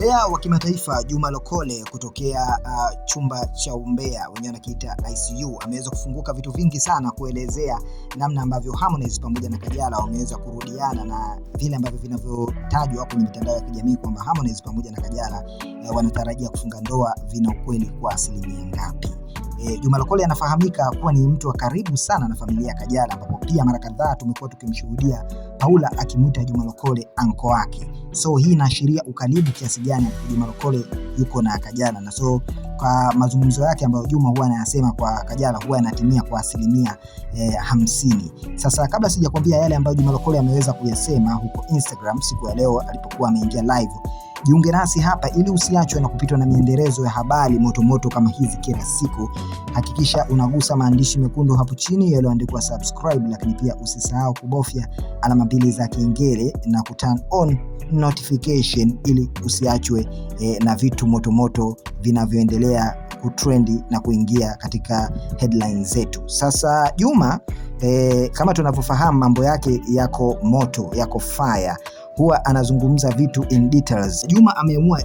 Mbea wa kimataifa Juma Lokole kutokea uh, chumba cha umbea wenyewe anakiita ICU ameweza kufunguka vitu vingi sana kuelezea namna ambavyo Harmonize pamoja na Kajala wameweza kurudiana na vile ambavyo vinavyotajwa kwenye mitandao ya kijamii kwamba Harmonize pamoja na Kajala uh, wanatarajia kufunga ndoa, vina ukweli kwa asilimia ngapi? E, Juma Lokole anafahamika kuwa ni mtu wa karibu sana na familia ya Kajala ambapo pia mara kadhaa tumekuwa tukimshuhudia Paula akimwita Juma Lokole anko wake. So hii inaashiria ukaribu kiasi gani Juma Lokole yuko na Kajala, na so kwa mazungumzo yake ambayo Juma huwa anayasema kwa Kajala huwa yanatimia kwa asilimia eh, hamsini. Sasa kabla sijakwambia yale ambayo Juma Lokole ameweza kuyasema huko Instagram siku ya leo alipokuwa ameingia live Jiunge nasi hapa ili usiachwe na kupitwa na miendelezo ya habari motomoto kama hizi kila siku. Hakikisha unagusa maandishi mekundu hapo chini yaliyoandikwa subscribe, lakini pia usisahau kubofya alama mbili za kengele na turn on notification ili usiachwe eh, na vitu motomoto vinavyoendelea kutrendi na kuingia katika headline zetu. Sasa Juma, eh, kama tunavyofahamu mambo yake yako moto, yako fire huwa anazungumza vitu in details. Juma ameamua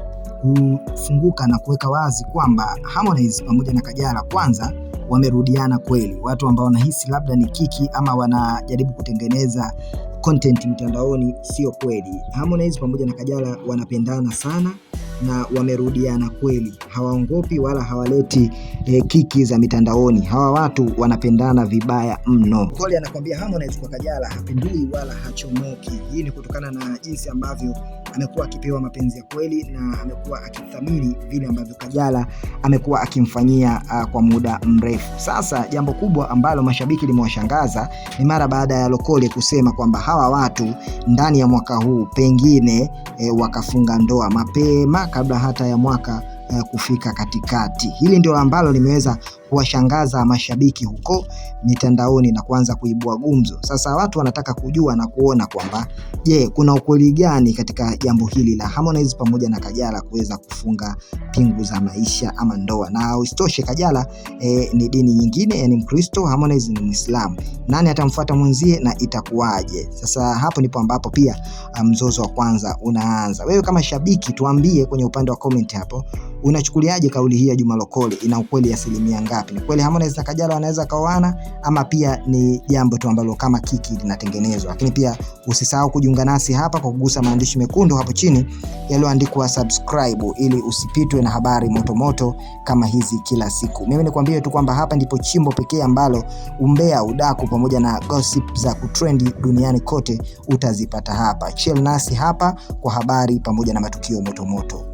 kufunguka na kuweka wazi kwamba Harmonize pamoja na Kajala kwanza wamerudiana kweli, watu ambao wanahisi labda ni kiki ama wanajaribu kutengeneza content mtandaoni, sio kweli. Harmonize pamoja na Kajala wanapendana sana na wamerudiana kweli, hawaongopi wala hawaleti eh, kiki za mitandaoni. Hawa watu wanapendana vibaya mno. Kole anakuambia Harmonize kwa Kajala hapindui wala hachomoki. Hii ni kutokana na jinsi ambavyo amekuwa akipewa mapenzi ya kweli na amekuwa akithamini vile ambavyo Kajala amekuwa akimfanyia uh, kwa muda mrefu sasa. Jambo kubwa ambalo mashabiki limewashangaza ni mara baada ya Lokole kusema kwamba hawa watu ndani ya mwaka huu pengine eh, wakafunga ndoa mapema kabla hata ya mwaka eh, kufika katikati. Hili ndio ambalo limeweza kuwashangaza mashabiki huko mitandaoni na kuanza kuibua gumzo. Sasa watu wanataka kujua na kuona kwamba je, kuna ukweli gani katika jambo hili la Harmonize pamoja na Kajala kuweza kufunga pingu za maisha ama ndoa. Na usitoshe Kajala e, ni dini nyingine, yani Mkristo, Harmonize ni Muislamu. Nani atamfuata mwenzie na itakuwaje? Sasa hapo ndipo ambapo pia ah, mzozo wa kwanza unaanza. Wewe kama shabiki tuambie kwenye upande wa comment hapo, unachukuliaje kauli hii ya Juma Lokole, ina ukweli asilimia ngapi? ngapi. Ni kweli Harmonize na Kajala wanaweza kaoana, ama pia ni jambo tu ambalo kama kiki linatengenezwa. Lakini pia usisahau kujiunga nasi hapa kwa kugusa maandishi mekundu hapo chini yaliyoandikwa subscribe, ili usipitwe na habari motomoto moto kama hizi kila siku. Mimi nikwambie tu kwamba hapa ndipo chimbo pekee ambalo umbea, udaku pamoja na gossip za kutrendi duniani kote utazipata hapa. Chill nasi hapa kwa habari pamoja na matukio motomoto moto.